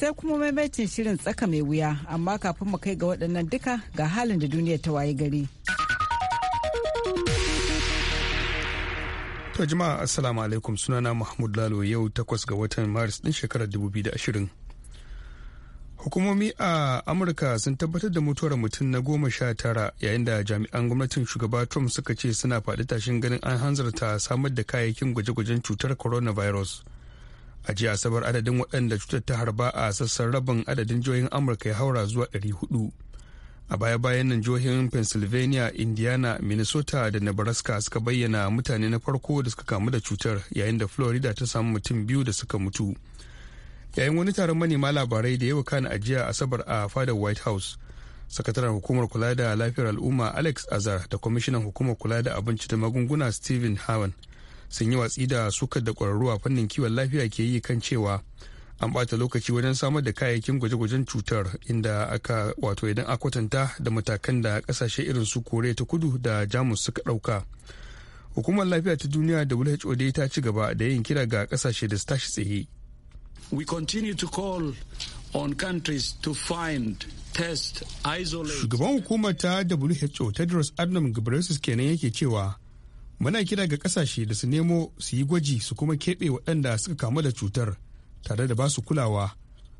sai kuma maimaitin shirin tsaka mai wuya amma kafin mu kai ga waɗannan duka ga halin da duniya ta waye gari. To jama'a assalamu alaikum sunana Mahmud Lalo yau takwas ga watan Maris ɗin shekarar 2020. Hukumomi a Amurka sun tabbatar da mutuwar mutum na goma sha tara yayin da jami'an gwamnatin shugaba Trump suka ce suna faɗi tashin ganin an hanzarta samar da kayayyakin gwaje-gwajen cutar coronavirus. virus. a jiya asabar adadin waɗanda cutar ta harba a sassan rabin adadin jihohin amurka ya haura zuwa 400 a baya-bayan nan jihohin pennsylvania indiana minnesota da nebraska suka bayyana mutane na farko da suka kamu da cutar yayin da florida ta samu mutum biyu da suka mutu yayin wani taron manema labarai da yawa kan ajiya asabar a fadar white house sakataren hukumar kula da lafiyar al'umma alex azar da kwamishinan hukumar kula da abinci da magunguna stephen hawan sun yi watsi da sukar da kwararru a fannin kiwon lafiya ke yi kan cewa an bata lokaci wajen samar da kayayyakin gwaje-gwajen cutar inda aka wato idan a kwatanta da matakan da kasashe irin su koriya ta kudu da jamus suka ɗauka hukumar lafiya ta duniya who dai ta ci gaba da yin kira ga kasashe da su tashi tsaye we continue to call on countries to find test isolate shugaban hukumar ta who tedros adnam ghebreyesus kenan yake cewa muna kira ga kasashe da su nemo su yi gwaji su kuma keɓe waɗanda suka kamu da cutar tare da ba su kulawa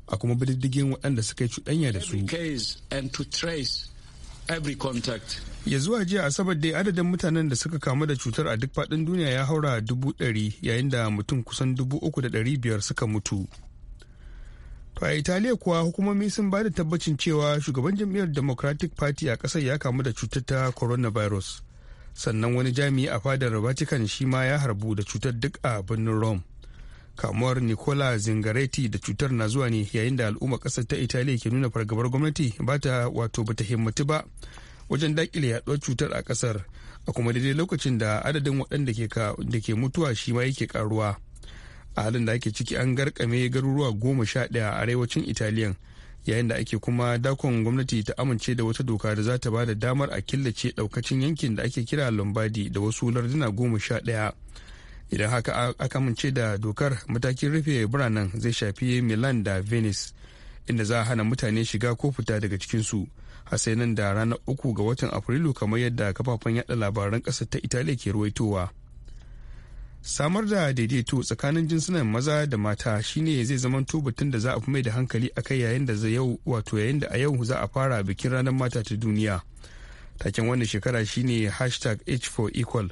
a kuma bididdigin waɗanda suka yi cuɗanya da su ya zuwa jiya asabar dai adadin mutanen da suka kamu da cutar a duk faɗin duniya ya haura dubu ɗari yayin da mutum kusan dubu uku da ɗari biyar suka mutu To a Italiya kuwa hukumomi sun ba da tabbacin cewa shugaban jam'iyyar Democratic Party a ƙasar ya kamu da cutar ta coronavirus. sannan wani jami'i a fadar vatican shi ma ya harbu da cutar duk a birnin rome kamuwar nicola zingaretti da cutar na zuwa ne yayin da al'umma kasar ta italiya ke nuna fargabar gwamnati ba ta wato bata himmatu ba wajen dakile yaduwar cutar a kasar a kuma daidai lokacin da adadin waɗanda da ke mutuwa shi ma yake karuwa a halin da ake ciki an garkame garuruwa goma sha ɗaya a arewacin italiyan yayin da ake kuma dakon gwamnati ta amince da wata doka da za ta ba da damar a killace daukacin yankin da ake kira lombardi da wasu larduna goma sha ɗaya idan haka aka amince da dokar matakin rufe biranen zai shafi milan da venice inda za a hana mutane shiga ko fita daga cikinsu sai nan da ranar uku ga watan afrilu kamar yadda kafafen yada labaran ƙasa ta italiya ke ruwaitowa samar da daidaito tsakanin jinsunan maza da mata shine zai zama batun da za a fi mai da hankali a kai yayin da yau wato yayin da a yau za a fara bikin ranar mata ta duniya taken wannan shekara shine hashtag h4equal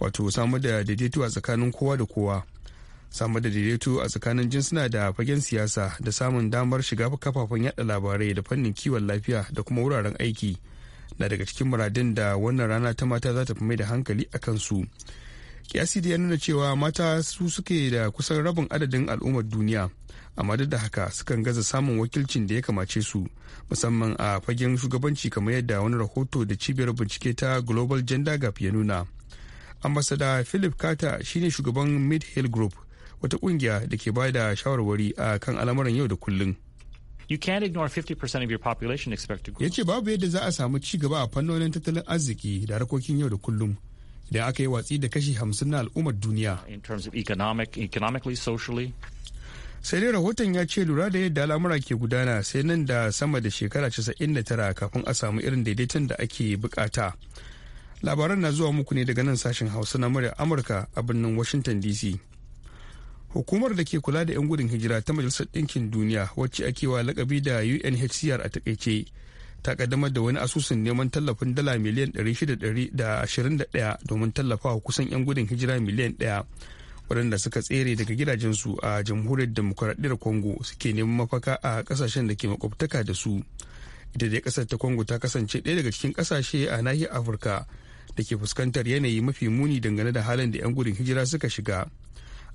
wato samar da daidaito a tsakanin kowa da kowa samar da daidaito a tsakanin jinsuna da fagen siyasa da samun damar shiga kafafen yada labarai da fannin kiwon lafiya da kuma wuraren aiki na daga cikin muradin da wannan rana ta mata za ta fi mai da hankali a kansu. su kiyasi da ya nuna cewa mata su suke da kusan rabin adadin al'ummar duniya amma duk da haka sukan gaza samun wakilcin da ya kamace su musamman a fagen shugabanci kamar yadda wani rahoto da cibiyar bincike ta global gender gap ya nuna ambasada philip carter shine shugaban mid hill group wata kungiya da ke da shawarwari a kan al'amuran yau da kullum You can't ignore 50% of your population expected growth. Ya ce babu yadda za a samu ci gaba a fannonin tattalin arziki da harkokin yau da kullum da aka yi watsi da kashi hamsin na al'ummar duniya. sai dai rahoton ya ce lura da yadda al'amura ke gudana sai nan da sama da shekara 99 kafin a samu irin daidaiton da ake bukata labaran na zuwa muku ne daga nan sashen hausa na murya amurka a birnin washington dc hukumar da ke kula da 'yan gudun hijira ta majalisar ɗinkin duniya wacce ake wa lakabi da unhcr a takaice ta kaddamar da wani asusun neman tallafin dala miliyan 621 domin tallafawa kusan 'yan gudun hijira miliyan 1 waɗanda suka tsere daga gidajensu a jamhuriyar demokuraɗiyar congo suke neman mafaka a ƙasashen da ke makwabtaka da su ita dai ƙasar ta congo ta kasance ɗaya daga cikin ƙasashe a nahiyar afirka da ke fuskantar yanayi mafi muni dangane da halin da 'yan gudun hijira suka shiga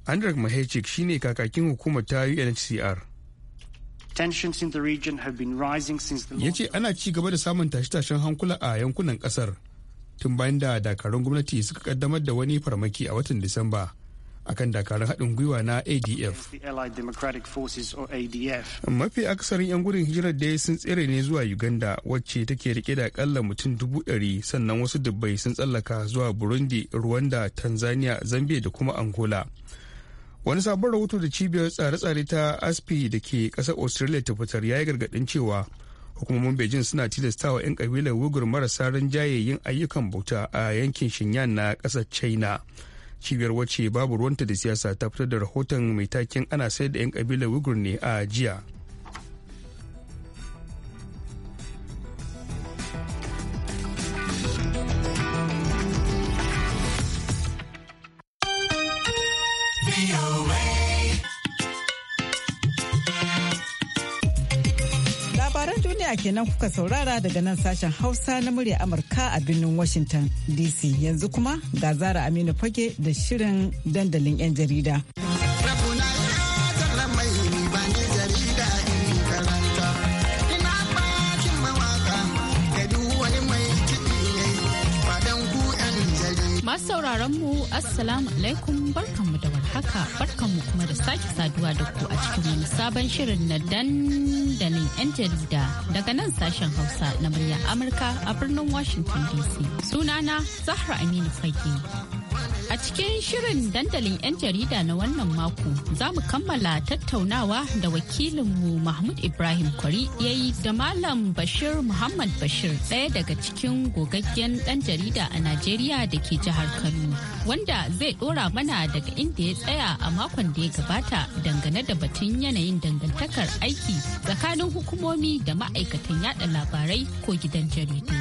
andrew mahechik shine kakakin hukumar ta unhcr Ya ce ana ci gaba da samun tashe-tashen hankula a yankunan kasar tun bayan da dakarun gwamnati suka kaddamar da wani farmaki a watan Disamba akan dakarun haɗin gwiwa na ADF. Mafi akasarin 'yan gudun hijirar da sun tsere ne zuwa Uganda wacce take rike da akalla mutum dubu ɗari sannan wasu dubbai sun tsallaka zuwa Burundi, Rwanda, Tanzania, Zambia da kuma Angola. wani sabon rahoto da cibiyar tsare-tsare ta aspi da ke ƙasar australia ta fitar ya yi gargaɗin cewa hukumomin beijing suna tilastawa 'yan kabilar uighur marasa rinjaye yin ayyukan bauta a yankin shinyan na ƙasar china cibiyar wacce babu ruwanta da siyasa ta fitar da rahoton mai takin ana sayar da 'yan kabilar uighur ne a jiya kenan kuka saurara daga nan sashen Hausa na murya Amurka a birnin Washington DC. Yanzu kuma ga Zara Aminu Fage da shirin dandalin 'yan jarida. Masu sauraron mu, Assalamu alaikum barkanmu da haka barkanmu kuma da sake saduwa da ku a cikin wani sabon shirin na dandalin 'yan jarida daga nan sashen Hausa na murya Amurka a birnin Washington DC. Sunana Zahra Aminu Fage. A cikin shirin dandalin 'yan jarida na wannan mako za mu kammala tattaunawa da wakilinmu Mahmud Ibrahim Kwari ya yi da Malam Bashir Muhammad Bashir ɗaya daga cikin gogaggen ɗan jarida a Najeriya da ke jihar Kano wanda zai ɗora mana daga inda ya tsaya a makon da ya gabata dangane da batun yanayin dangantakar aiki tsakanin hukumomi da ma'aikatan yada labarai ko gidan jaridu.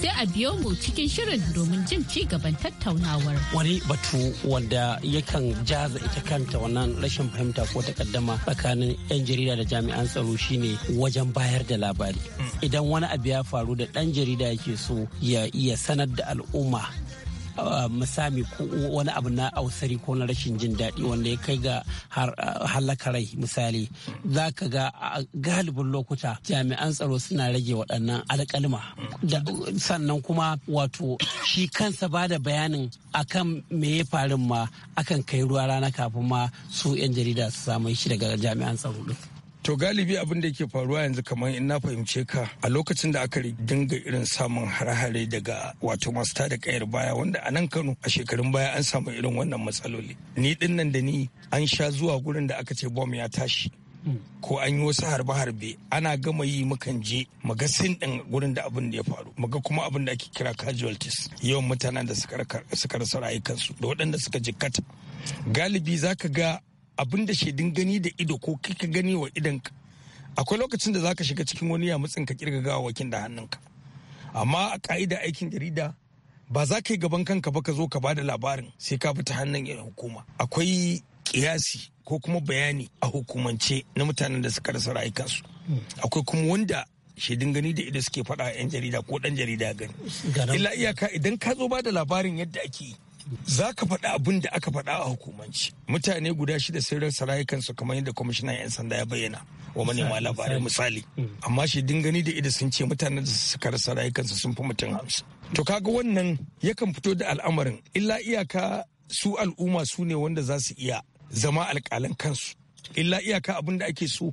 Sai a biyo mu cikin shirin domin jin ci gaban tattaunawa. Wani batu wanda yakan jaza ita kanta wannan rashin fahimta ko takaddama tsakanin 'yan jarida da jami'an tsaro shine wajen bayar da labari. Hmm. Idan wani abu ya faru da ɗan jarida yake so ya iya sanar da al'umma Uh, misami ko wani abu na ausari ko na rashin jin daɗi wanda ya kai ga uh, halaka rai misali za ka ga uh, galibin lokuta jami'an tsaro suna rage waɗannan alƙalma sannan kuma wato shi kansa ba da bayanin akan me ya farin ma akan kai ruwa rana kafin ma su 'yan jarida su samu shi daga jami'an tsaro To galibi abin da ke faruwa yanzu kamar in na fahimce ka a lokacin da aka dinga irin samun harhare hare daga wato masu tada kayar baya wanda a nan Kano a shekarun baya an samu irin wannan matsaloli. Ni dinnan da ni an sha zuwa gurin da aka ce bom ya tashi. Ko an yi wasu harbe-harbe ana gama yi mukan je maga sin din gurin da abin da ya faru maga kuma abin da ake kira casualties yawan mutanen da suka rasa rayukansu da waɗanda suka jikkata galibi za ka ga abin da shaidun gani da ido ko kika gani wa idan akwai lokacin da zaka shiga cikin wani yamutsin ka kirgaga wakin da hannunka amma a ka'ida aikin jarida ba za ka yi gaban kanka ba ka zo ka bada labarin sai ka bi ta hannun hukuma akwai kiyasi ko kuma bayani a hukumance na mutanen da suka rasa rayukansu akwai kuma wanda shaidin gani da ido suke faɗa yan jarida ko dan jarida gani illa iyaka idan ka zo ba da labarin yadda ake za ka faɗa abin da aka faɗa a hukumanci mutane guda shida sun rasa rayukansu kamar yadda kwamishinan 'yan sanda ya bayyana wa manema labarai misali mm. amma shi gani da ida sun ce mutanen da suka rasa rayukansu sun fi mutum hamsin to kaga wannan yakan fito da al'amarin illa iyaka su al'umma su ne wanda za su iya zama alƙalan kansu illa iyaka abin da ake so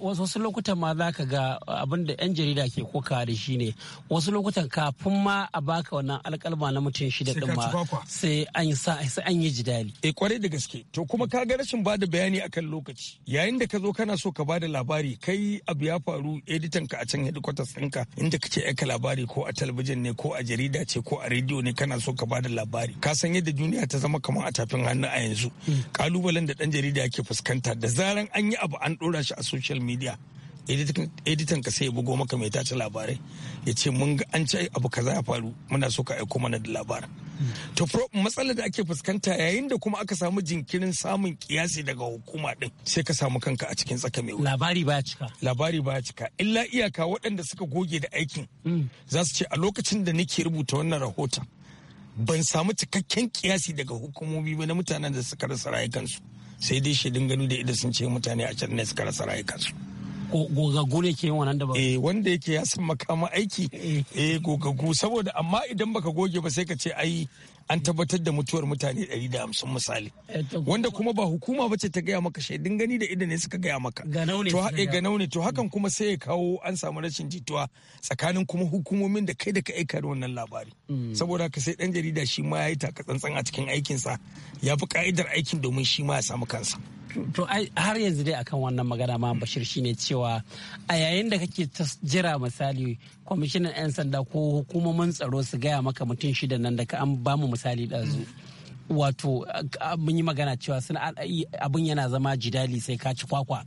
wasu lokutan ma za ka ga uh, abin da 'yan jarida ke koka da shi ne wasu lokutan kafin ma a baka wannan alkalma na mutum shida din ma sai an yi jidali eh kwarai da gaske to kuma ka ga rashin bada bayani akan lokaci yayin da ka zo kana so ka bada labari kai abu ya faru editan ka a can headquarters ɗinka inda kake aika labari ko a talabijin ne ko a jarida ce ko a rediyo ne kana so ka bada labari ka san yadda duniya ta zama kamar a tafin hannu a yanzu kalubalen hmm. da dan jarida yake fuskanta da zaran an yi abu an dora shi a social media editan ka sai ya bugo maka mai tace labarai ya ce mun ga an ce abu kaza ya faru muna so ka aiko mana da labarin to matsalar da ake fuskanta yayin da kuma aka samu jinkirin samun kiyasi daga hukuma din sai ka samu kanka a cikin tsaka mai labari baya cika labari baya cika illa iyaka waɗanda suka goge da aikin mm. za su ce a lokacin da nake rubuta wannan rahoton ban samu cikakken kiyasi daga hukumomi ba na mutanen da suka rasa rayukansu sai dai shi gani da ida sun ce mutane a can ne suka rasa rayukansu Gogagu ne ke wannan da ba eh wanda yake ya san makama aiki eh. eh gogaggu saboda amma idan baka goge ba sai ka ce ai an tabbatar da mutuwar mutane 150 misali eh, wanda kuma ba hukuma bace ta gaya maka shaidun gani da idan ne suka gaya maka to haɗe ga naune to hakan kuma sai ya kawo an samu rashin jituwa tsakanin kuma hukumomin da kai da ka aika da wannan labari mm. saboda haka sai dan jarida shi ma ya yi taka tsantsan a cikin aikinsa ya fi ka'idar aikin domin shi ma ya samu kansa to har yanzu dai akan wannan magana ma bashir shine cewa a yayin da kake ta jira misali kwamishinan 'yan sanda ko hukumomin tsaro su gaya maka mutum shida nan da ka an bamu misali ɗazu. wato mun yi magana cewa suna abin yana zama jidali sai ka ci kwakwa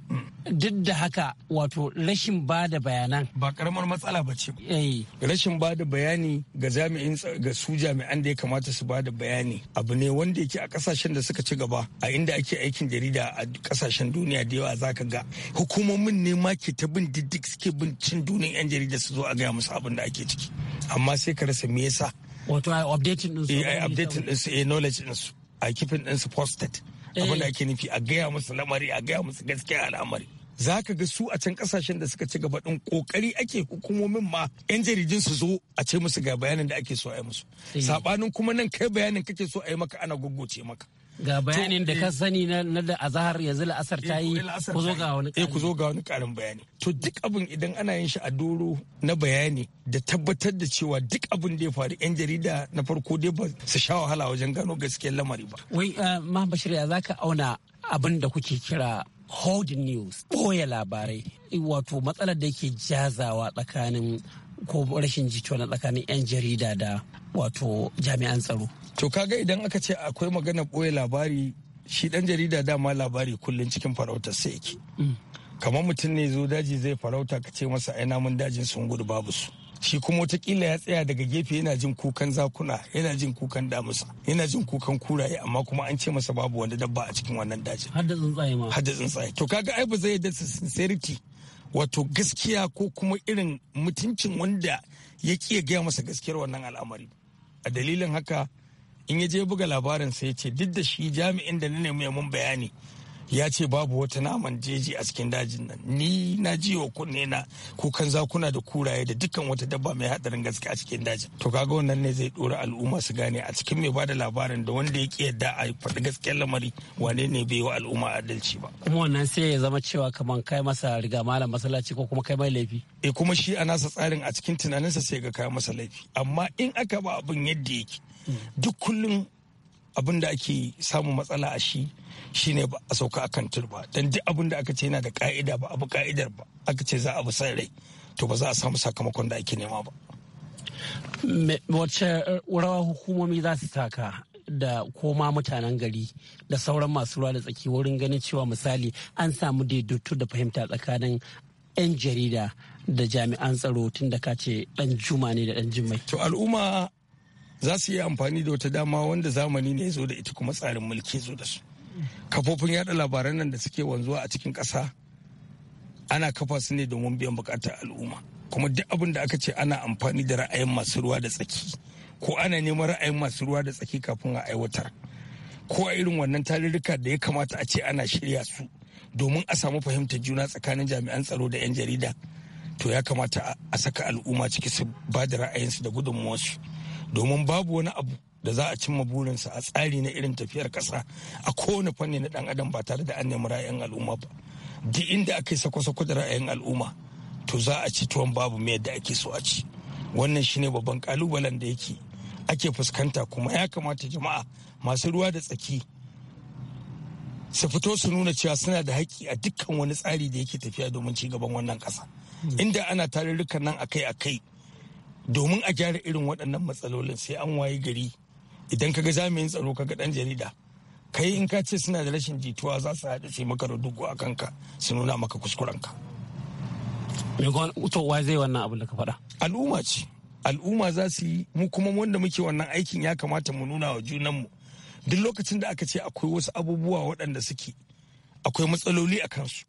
duk da haka wato rashin ba da bayanan ba karamar matsala ba ce eh. rashin ba da bayani ga jami'in ga su jami'an da ya kamata su ba da bayani abu ne wanda yake a kasashen da suka ci gaba a inda ake aikin jarida a kasashen duniya da yawa zaka ga hukumomin ne ma ke ta bin diddik suke bin cin duniyan yan jarida su zo a gaya musu abin da ake ciki amma sai ka rasa me yasa wato ai updating din su eh, ai updating din su eh, knowledge din su a kifin din su posted eh. abin ake nufi a gaya musu lamari a gaya musu gaskiya al'amari zaka ga su a can kasashen da suka ci gaba din kokari ake hukumomin ma yan jaridun su zo a ce musu ga bayanin da ake so a yi musu sabanin kuma nan kai bayanin kake so a yi maka ana gugguce maka ga bayanin da ka eh, sani na da azahar yanzu la'asar eh, ta yi eh, ku zo ga wani ku karin bayani to duk abin idan ana yin shi a doro na bayani da tabbatar da cewa duk abin da ya faru yan jarida na farko dai ba su sha wahala wajen gano gaskiyar lamari ba wai ma bashir ya zaka auna abin da kuke kira holding news boye labarai wato matsalar da ke jazawa tsakanin ko rashin jituwa na tsakanin 'yan jarida da wato jami'an tsaro. To kaga idan aka ce akwai magana ɓoye labari shi dan jarida dama labari kullum cikin farauta sai yake. Mm. Kamar mutum ne zo daji zai farauta ka ce masa ai namun dajin sun gudu babu su. Shi kuma watakila ya tsaya daga gefe yana jin kukan zakuna yana jin kukan damusa yana jin kukan kuraye amma kuma an ce masa babu wani dabba a cikin wannan dajin. Har tsuntsaye ma. Har tsuntsaye. To kaga ai ba zai da sincerity wato gaskiya ko kuma irin mutuncin wanda ya kiya gaya masa gaskiyar wannan al'amari a dalilin haka in ya je buga labarin sai ce duk da shi jami'in da na nemi mun bayani ya ce babu wata naman jeji a cikin dajin nan ni na ji wa kunne na kukan zakuna da kuraye da dukkan wata dabba mai hadarin gaske a cikin dajin to kaga wannan ne zai dora al'umma su gane a cikin mai bada labarin da wanda ya ki yadda a faɗi gaskiyar lamari wane ne bai wa al'umma adalci ba kuma wannan sai ya zama cewa kamar kai masa riga malam masallaci ko kuma kai mai laifi eh kuma shi a nasa tsarin a cikin tunaninsa sai ga kai masa laifi amma in aka ba abin yadda yake duk kullum abin da ake samun matsala a shi shine ba a sauka akan turba don duk abin da aka ce yana da ka'ida ba abu ka'idar ba aka ce za a bi san rai to ba za a samu sakamakon da ake nema ba wacce uh, rawa hukumomi za su taka da koma mutanen gari da sauran masu ruwa da tsaki wurin ganin cewa misali an samu daidaito da fahimta tsakanin 'yan jarida da jami'an tsaro tun da ka ce dan juma ne da dan jima'i. To al'umma za su yi amfani da wata dama wanda zamani ne ya zo da ita kuma tsarin mulki zo da su kafofin yada labaran nan da suke wanzuwa a cikin kasa ana kafa su ne domin biyan bukatar al'umma kuma duk abin da aka ce ana amfani da ra'ayin masu ruwa da tsaki ko ana neman ra'ayin masu ruwa da tsaki kafin a aiwatar ko a irin wannan tarurruka da ya kamata a ce ana shirya su domin a samu fahimtar juna tsakanin jami'an tsaro da 'yan jarida to ya kamata a saka al'umma ciki su ba da ra'ayinsu da gudunmuwarsu domin babu wani abu da za a cimma burinsa a tsari na irin tafiyar kasa. a kowane fanni na dan adam ba tare da an nemi ra'ayin al'umma ba duk inda aka yi sako-sako da ra'ayin al'umma to za a ci tuwon babu mai yadda ake so a ci wannan shine babban kalubalen da yake ake fuskanta kuma ya kamata jama'a masu ruwa da tsaki su fito su nuna cewa suna da haƙƙi a dukkan wani tsari da yake tafiya domin ci gaban wannan ƙasa inda ana tarurrukan nan akai-akai domin a gyara irin waɗannan matsalolin sai an waye gari idan ka ga jami'in tsaro kaga ɗan jarida kai in ka ce suna da rashin jituwa za su haɗu sai maka rudugu a kanka su nuna maka kuskurenka. to wa zai wannan abin da ka faɗa? al'umma ce al'umma za su yi mu kuma wanda muke wannan aikin ya kamata mu nuna wa junan mu duk lokacin da aka ce akwai wasu abubuwa waɗanda suke akwai matsaloli a kansu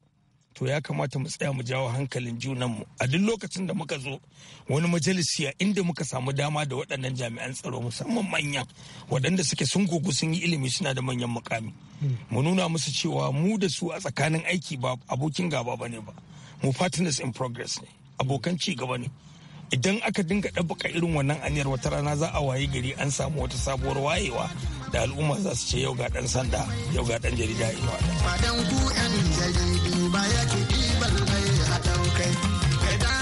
to ya kamata mu tsaya mu jawo hankalin junan mu. a duk lokacin da muka zo wani majalisi a inda muka samu dama da waɗannan jami'an tsaro musamman manyan waɗanda suke sun gugu sun yi ilimi suna da manyan mukami mu nuna musu cewa mu da su a tsakanin aiki ba abokin gaba ba ne ba mu partners in progress ne abokan ci gaba ne idan aka dinga ɗabbaka irin wannan aniyar wata rana za a waye gari an samu wata sabuwar wayewa da al'umma za su ce yau ga ɗan sanda yau ga ɗan jarida a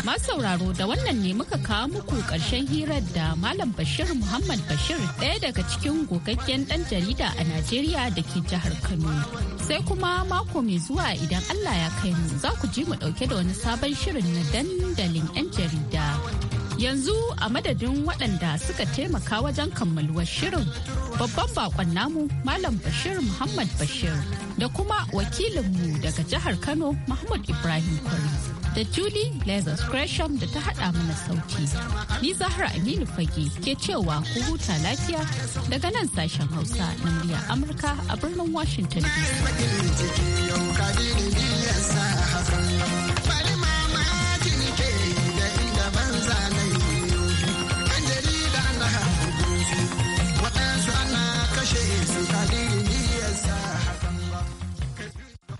Masu sauraro da wannan ne muka kawo muku ƙarshen hirar da Malam Bashir Muhammad Bashir ɗaya daga cikin gogaggen ɗan jarida a Najeriya da ke jihar Kano. Sai kuma mako mai zuwa idan Allah ya kai mu za ku ji mu ɗauke da wani sabon shirin na dandalin 'yan jarida. Yanzu a madadin waɗanda suka taimaka wajen kammaluwar shirin babban bakon namu Malam Bashir Muhammad Bashir da kuma wakilinmu daga jihar Kano Mahmud Ibrahim Kwari. da Julie Lazarus Gresham da ta haɗa mana sauti. Ni Zahra Aminu Fage ke cewa ku huta lafiya daga nan sashen Hausa na muryar Amurka a birnin Washington DC.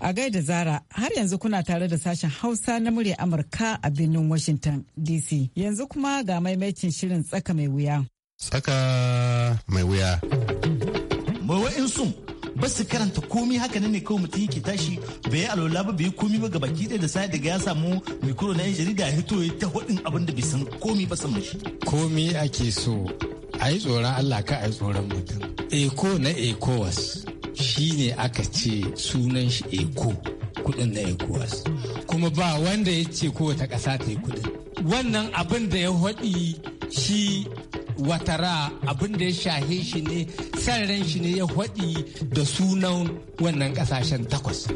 A gaida Zara, har yanzu kuna tare da sashen Hausa na murya Amurka a birnin Washington DC. Yanzu kuma ga maimakin shirin tsaka mai wuya. Tsaka mai wuya. sun ba su karanta komi haka ne kawai mutum yake tashi bai yi alola ba bai yi komi ba gabaki ɗaya da sai daga ya samu mikro na yan jarida ya hito ya ta hudin abin da bai san komi ba san shi. Komi ake so a yi tsoron Allah ka a yi tsoron mutum. Eko na wasu. Shi ne aka ce sunan shi eko kudin na ecowas kuma ba wanda ya ce kowace ƙasa ta yi kudin wannan abin da ya haɗi shi watara abin da ya shahe shi ne sararen shi ne ya haɗi da sunan wannan ƙasashen takwas.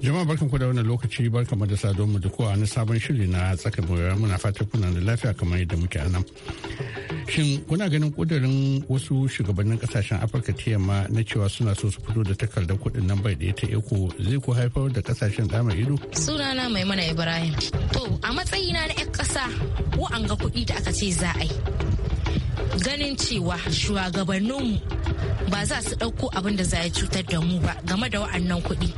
jama'a barkan ku da wannan lokaci barkan da don mu da kowa na sabon shiri na tsaka muna fata kuna da lafiya kamar yadda muke anan Shin kuna ganin kudirin wasu shugabannin kasashen Afirka ta yamma na cewa suna so su fito da takardar kudin nan bai da ta eko zai ku haifar da kasashen dama ido? Sunana mai mana Ibrahim. To a matsayina na 'yan ƙasa wa'anga kuɗi da aka ce za a yi. Ganin cewa shugabanninmu ba za su ɗauko abin da za ya cutar da mu ba game da wa'annan kuɗi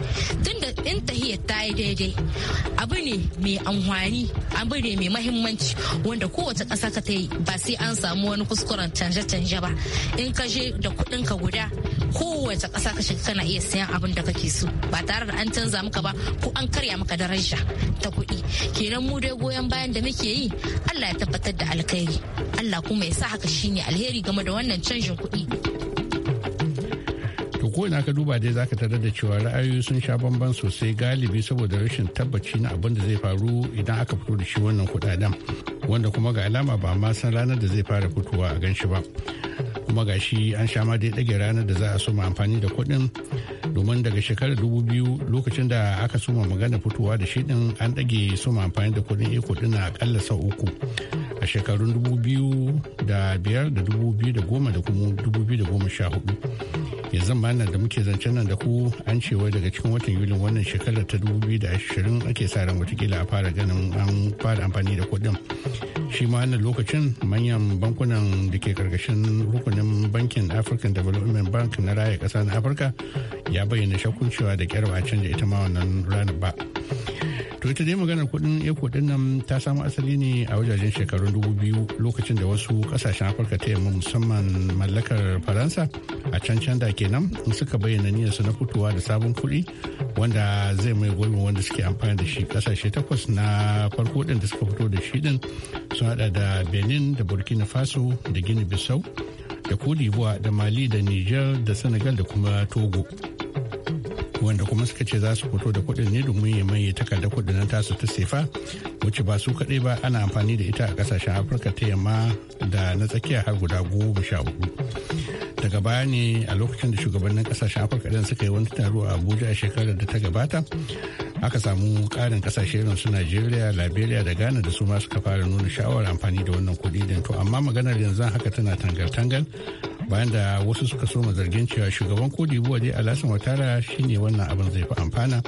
tunda in tahiya ta yi daidai abu ne mai amfani abu ne mai mahimmanci wanda kowace ƙasa ka ta yi ba sai an samu wani kuskuren canje-canje ba in ka je da kuɗin ka guda kowace ƙasa ka shiga kana iya sayan abin da kake so ba tare da an canza maka ba ko an karya maka daraja ta kuɗi kenan mu dai goyon bayan da muke yi Allah ya tabbatar da alkhairi Allah kuma ya sa haka shine alheri game da wannan canjin kuɗi ko ina ka duba dai zaka tarar da cewa ra'ayoyi sun sha bamban sosai galibi saboda rashin tabbaci na abin da zai faru idan aka fito da shi wannan kudaden wanda kuma ga alama ba ma san ranar da zai fara fitowa a gan shi ba kuma ga shi an sha ma dai dage ranar da za a soma amfani da kuɗin domin daga shekarar dubu biyu lokacin da aka soma magana fitowa da shi din an dage soma amfani da kuɗin iko din a akalla sau uku a shekarun dubu biyu da biyar da kuma dubu biyu da goma sha hudu ya zama nan da muke zancen nan da ku an cewa daga cikin watan yuli wannan shekarar ta 2020 ake sa ran watakila a fara ganin an fara amfani da kuɗin shi ma wannan lokacin manyan bankunan da ke karkashin rukunin bankin african development bank na raya ƙasa na afirka ya bayyana shakkun cewa da kyarwa a canja ita ma wannan ranar ba to ita dai maganar kuɗin eco din nan ta samu asali ne a wajajen shekarun dubu biyu lokacin da wasu ƙasashen afirka ta yamma musamman mallakar faransa a can can da kenan suka bayyana su na fitowa da sabon kuɗi wanda zai mai gurbin wanda suke amfani da shi kasashe takwas na farko din da suka fito da shi ɗin sun hada da benin da burkina faso da gini bissau da cote da mali da niger da senegal da kuma togo wanda kuma suka ce za su fito da kuɗin ne domin ya maye takardar kuɗin na tasu ta sefa wacce ba su kaɗai ba ana amfani da ita a ƙasashen afirka ta yamma da na tsakiya har guda goma sha hudu daga baya ne a lokacin da shugabannin ƙasashen afirka ɗin suka yi wani taro a abuja a shekarar da ta gabata aka samu ƙarin ƙasashe irin su najeriya liberia da ghana da su ma suka fara nuna sha'awar amfani da wannan kuɗi din to amma maganar yanzu haka tana tangal-tangal bayan da wasu suka so soma zargin cewa shugaban buwa dai alasan watara shine wannan abin zai fi amfana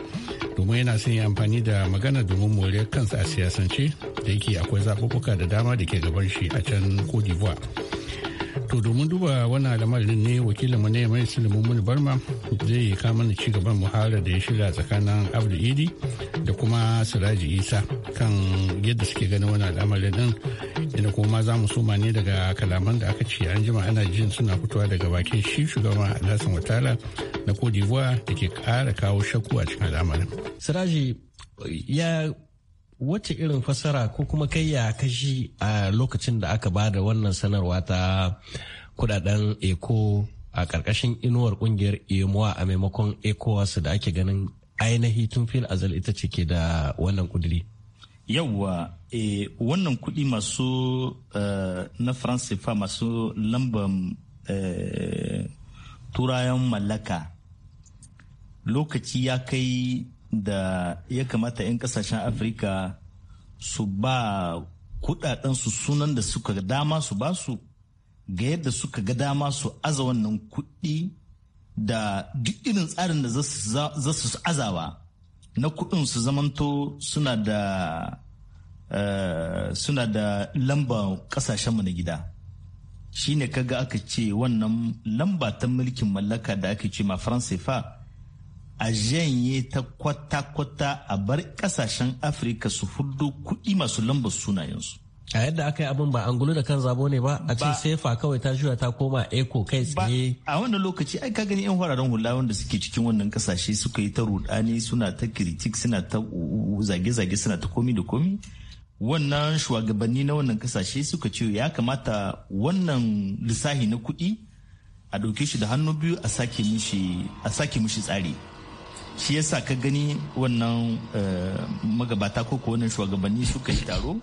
domin yana son yi amfani da magana domin moriyar kansa a siyasance da yake akwai zaɓuɓɓuka da dama da ke gaban shi a can kodibuwa to domin duba wani lamarin ne wakilinmu ne mai sulmin mun barma zai kama mana ci gaban da ya shirya tsakanin abdu idi da kuma siraji isa kan yadda suke ganin wani al'amarin din Ina kuma za mu soma ne daga kalaman da aka ce an jima ana jin suna fitowa daga bakin shi shugaban alhassan watala na cote da ke kara kawo shakku a cikin al'amarin siraji ya wacce irin fassara ko kuma kai ya kashi a lokacin da aka ba da wannan sanarwa ta kudaden eko a ƙarƙashin inuwar ƙungiyar emuwa a maimakon ecowas da ake ganin ainihi tun fil azal ita ce ke da wannan kudiri yauwa e, wannan kudi masu uh, na france fa masu lambar uh, eh, turayen mallaka lokaci ya kai da ya kamata 'yan kasashen afirka su ba kudadensu sunan da suka ga dama su ba su ga yadda suka ga dama su aza wannan kuɗi da duk irin tsarin da za su azawa na kuɗin su zamanto suna da eh, suna da lamba kasashenmu na gida shine kaga aka ce wannan lamba ta mulkin mallaka da aka ce ma faransa fa a janye ta kwata-kwata a bar kasashen afirka su hudu kuɗi masu lambar sunayensu a yadda aka yi abin ba an gulu da kan zabo ne ba a ce sefa kawai ta juya ta koma eko kai tsaye a wannan lokaci ai ka gani yan wararen hula wanda suke cikin wannan kasashe suka yi ta rudani suna ta kiritik suna ta zage-zage suna ta komi da komi wannan shugabanni na wannan kasashe suka ce ya kamata wannan lissahi na kuɗi a ɗauke shi da hannu biyu a sake mishi tsari shi yasa ka gani wannan eh, magabata ko wannan shugabanni suka yi taro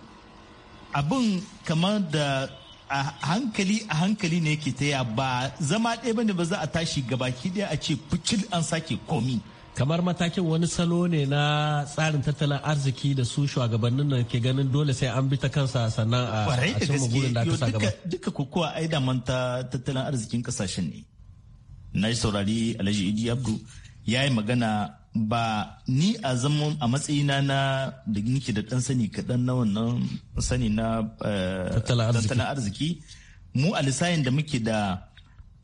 abin kamar da a hankali a hankali ne yake taya ba zama ɗaya bane ba za a tashi gabaki ɗaya a ce fucil an sake komi kamar matakin wani salo ne na tsarin tattalin arziki da su shugabannin nan ke ganin dole sai an bi ta kansa sannan a cimma mugun da aka sa gaba duka kokowa ai da manta tattalin arzikin kasashen ne na saurari alhaji idi abdu ya yi magana ba ni a zama a matsayina na da ginki da ɗan sani kaɗan na wannan sani na eh, tattalin arziki mu a lissayin da muke da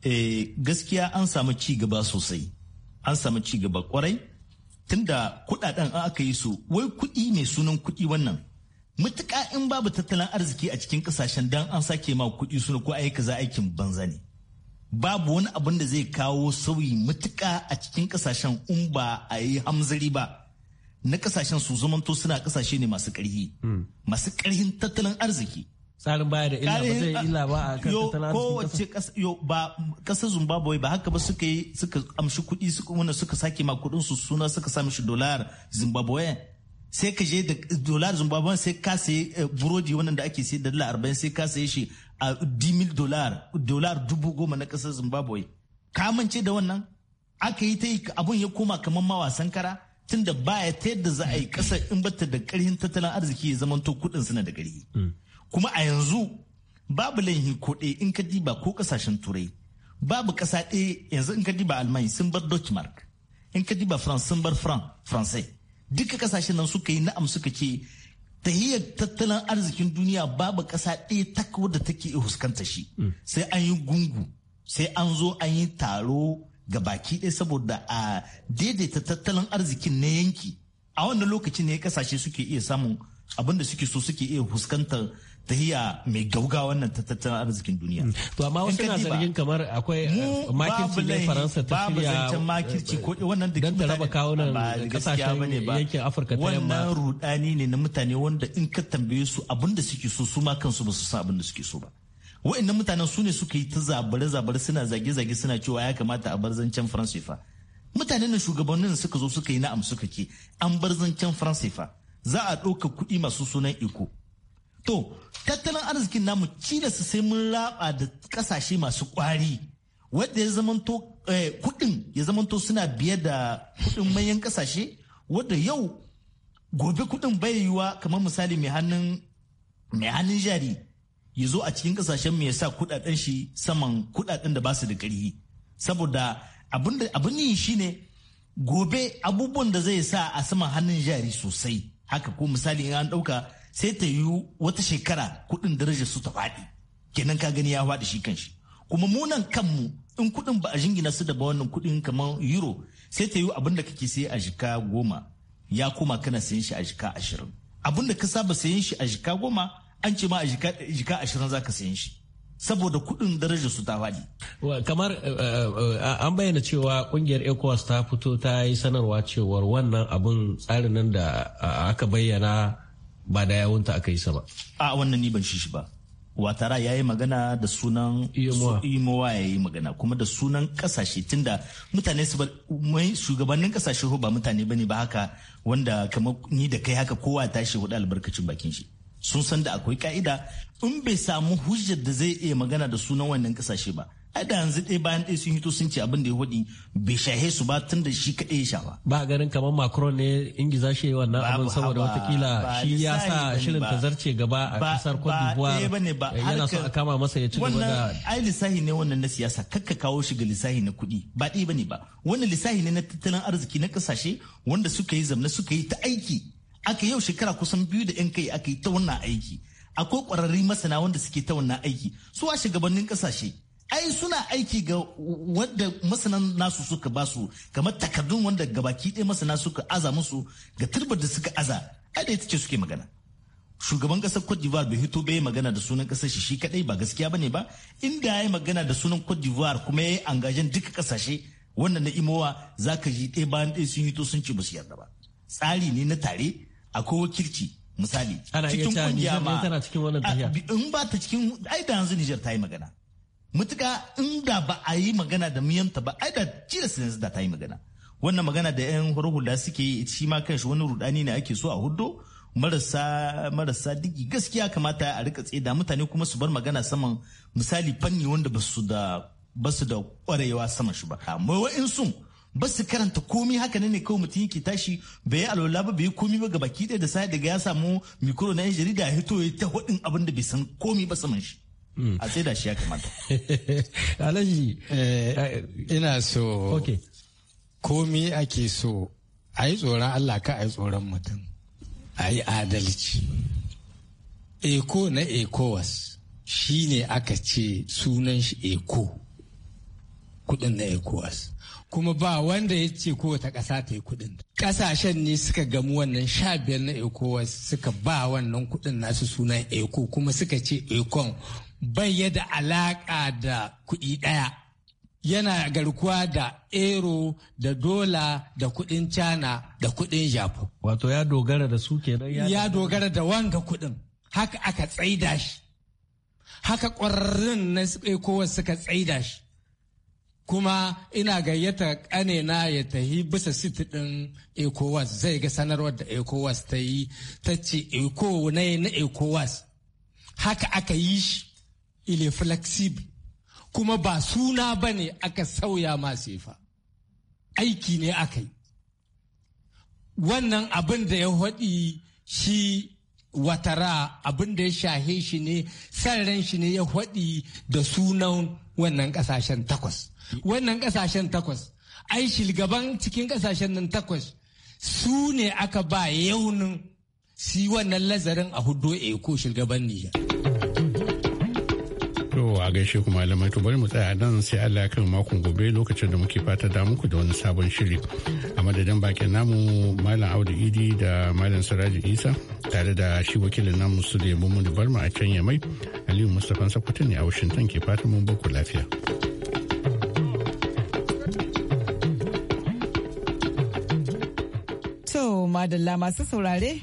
eh, gaskiya an samu ci gaba sosai an samu ci gaba kwarai tunda kuɗaɗen an aka yi su wai kuɗi mai sunan kuɗi wannan mutuka in babu tattalin arziki a cikin ƙasashen dan an sake ma kuɗi suna ko ayi za aikin banza ne babu wani abin da zai kawo sauyi matuka a cikin kasashen in ba a yi hamzari ba na kasashen su zamanto suna kasashe ne masu karhi hmm. masu karhin tattalin arziki tsarin baya da illa ba zai illa ba a kan tattalin arzikin kasa yo ba kasar zimbabwe ba haka ba suka yi suka amshi kuɗi suka wanda suka sake ma kuɗin su suna suka sa shi dolar zimbabwe sai ka je da dolar zimbabwe sai ka sayi eh, burodi wannan da ake sayar da dala arba'in sai ka saye shi a dimil dolar dolar dubu goma na ƙasar zimbabwe ka amince da wannan aka yi ta yi abun ya koma kamar ma wasan kara tunda baya ta yadda za a yi ƙasar in bata da ƙarhin tattalin arziki ya zamanto kuɗin suna da gari mm. kuma a yanzu babu laihi ko ɗaya in ka diba ko ƙasashen turai babu ƙasa ɗaya yanzu in ka diba alman sun bar deutschmark in ka diba france sun bar france francais duka ƙasashen nan suka yi na'am suka ce hiyar tattalin arzikin duniya babu ƙasa ɗaya tak da take huskanta shi mm. sai an yi gungu sai an zo an yi taro ga baki ɗaya saboda a daidaita tattalin arzikin na yanki a wannan lokacin ne kasashe suke iya samun abin suke so suke iya fuskantar tahiya mai gauga wannan tattalin arzikin duniya. Hmm. To amma wasu na zargin kamar akwai uh, makirci na Faransa ta shirya babu zancen makirci ko uh, wannan da dan da raba kawunan kasashen yankin Afirka ta yamma. Wannan rudani ne na mutane wanda in ka tambaye su abinda suke so su ma kansu ba su san abin da suke so ba. Wa'annan mutanen su ne suka yi ta zabare-zabare suna zage-zage suna cewa ya kamata a bar zancen Faransa fa. Mutanen da shugabannin suka zo suka yi na'am suka ke an bar zancen Faransa fa. Za a ɗauka kuɗi masu sunan iko. To tattalin arzikin namu su sai mun raba da kasashe masu kwari wadda ya zamanto eh, kudin ya zamanto suna biye da kudin manyan kasashe wadda yau gobe kudin bai yiwa kamar misali mai hannun mai hannun jari ya zo a cikin kasashen mai sa kudaden shi saman kudaden da basu da ƙarfi saboda abun abin yin ne gobe abubuwan da zai sa a saman hannun jari sosai haka ko misali in an dauka sai ta yi wata shekara kuɗin darajar su ta faɗi kenan ka gani ya faɗi shi kanshi kuma munan kanmu in kuɗin ba a jingina su da ba wannan kuɗin kamar euro sai ta yi abin da kake sai a jika goma ya koma kana sayan shi a jika ashirin abin da ka saba sayan shi a jika goma an ce ma a jika ashirin za ka sayan shi saboda kuɗin darajar su ta faɗi. kamar eh, eh, eh, an bayyana cewa kungiyar ecowas ta fito ta yi sanarwa cewar wannan abun tsarin nan da aka bayyana ba da yawunta aka yi sa ba a wannan ni ban shi shi ba watara ya yi magana da sunan imowa ya yi magana kuma da sunan kasashe tunda mutane su ba mai shugabannin kasashe ba mutane bane ba haka wanda kamar ni da kai haka kowa tashi hudu albarkacin bakin shi sun san da akwai ka'ida in bai samu hujjar da zai iya magana da sunan wannan kasashe ba da yanzu ɗaya bayan ɗaya sun yi to sun ce abin da ya hudi bai shahe su ba tun da shi kaɗai ya sha ba. ba ganin kamar macron ne ingiza shi wannan abin saboda watakila shi ya sa shirin ta zarce gaba a kasar cote d'ivoire yana so a kama masa ya ci gaba da. ai lissahi ne wannan na siyasa kakka kawo shi ga lissahi na kuɗi ba ɗaya bane ba wannan lissahi ne na tattalin arziki na ƙasashe wanda suka yi zamna suka yi ta aiki aka yau shekara kusan biyu da 'yan kai aka yi ta wannan aiki akwai ƙwararri masana wanda suke ta wannan aiki su a shugabannin ƙasashe ai suna aiki ga wanda masanan nasu suka basu kamar takardun wanda gabaki ɗaya masana suka aza musu ga turbar da suka aza ai da ita ce suke magana shugaban kasar Cote d'Ivoire bai hito bai magana da sunan kasar shi shi kadai ba gaskiya bane ba inda ya magana da sunan Cote d'Ivoire kuma ya yi angajen duka kasashe wannan na imowa ka ji ɗaya bayan ɗaya sun hito sun ce ba su yarda ba tsari ne na tare akwai wakilci misali cikin kungiya ma in ba ta cikin ai da yanzu nijar ta yi magana mutuka inda ba a yi magana da miyanta ba ai da tilas yanzu da ta yi magana wannan magana da yan da suke yi shi ma kanshi wani rudani ne ake so a hudo marasa marasa digi gaskiya kamata a rika da mutane kuma su bar magana saman misali fanni wanda ba su da ba su da kwarewa saman shi ba amma wa'in sun ba su karanta komi haka ne kawai mutum yake tashi bai yi alwala ba bai yi komi ba gabaki ɗaya da sai daga ya samu mikro na yan jarida ya hito ya ta hudin abin da bai san komi ba saman shi Mm. a sai da shi ya kamata alhaji eh, eh, ina so komi ake so a yi tsoron allah ka a yi tsoron mutum a yi adalci eko na ekowas shi ne aka ce sunan shi eko kudin na ekowas. kuma ba wanda ya ce kowace ƙasa ta yi kudin. Ƙasashen ne suka gamu wannan sha biyar na ekowas suka ba wannan kudin nasu sunan eko kuma suka ce ekon. bai da alaƙa da kuɗi ɗaya. Yana garkuwa da ero da dola da kuɗin China da kuɗin japo. Wato ya dogara da su kenan ya dogara da wanga kuɗin. Haka aka tsaida shi. Haka ƙwararrun na kowa suka tsaida shi. Kuma ina gayyata ƙanena ya tahi bisa siti ɗin ECOWAS zai ga sanarwar da ECOWAS ta yi ta ce ECO na ECOWAS. Haka aka yi shi. il est flexible kuma ba suna ba ne aka sauya ma sefa aiki ne aka yi wannan abin da ya haɗi shi watara abin da ya shahe shi ne ran shi ne ya haɗi da sunan wannan ƙasashen takwas wannan ƙasashen takwas ai shilgaban cikin ƙasashen nan takwas su ne aka ba yaunin si wannan lazarin a hudu eko shilgaban Nijar. To a gaishe ku malamai to bari mu tsaya nan sai Allah ya kai makon gobe lokacin da muke fata da muku da wani sabon shiri. A madadin bakin namu Malam Audu Idi da Malam Siraji Isa tare da shi wakilin namu su da yabo mun barma a can Yamai Aliyu Mustapha Sakwato ne a Washington ke fata mun baku lafiya. To madalla masu saurare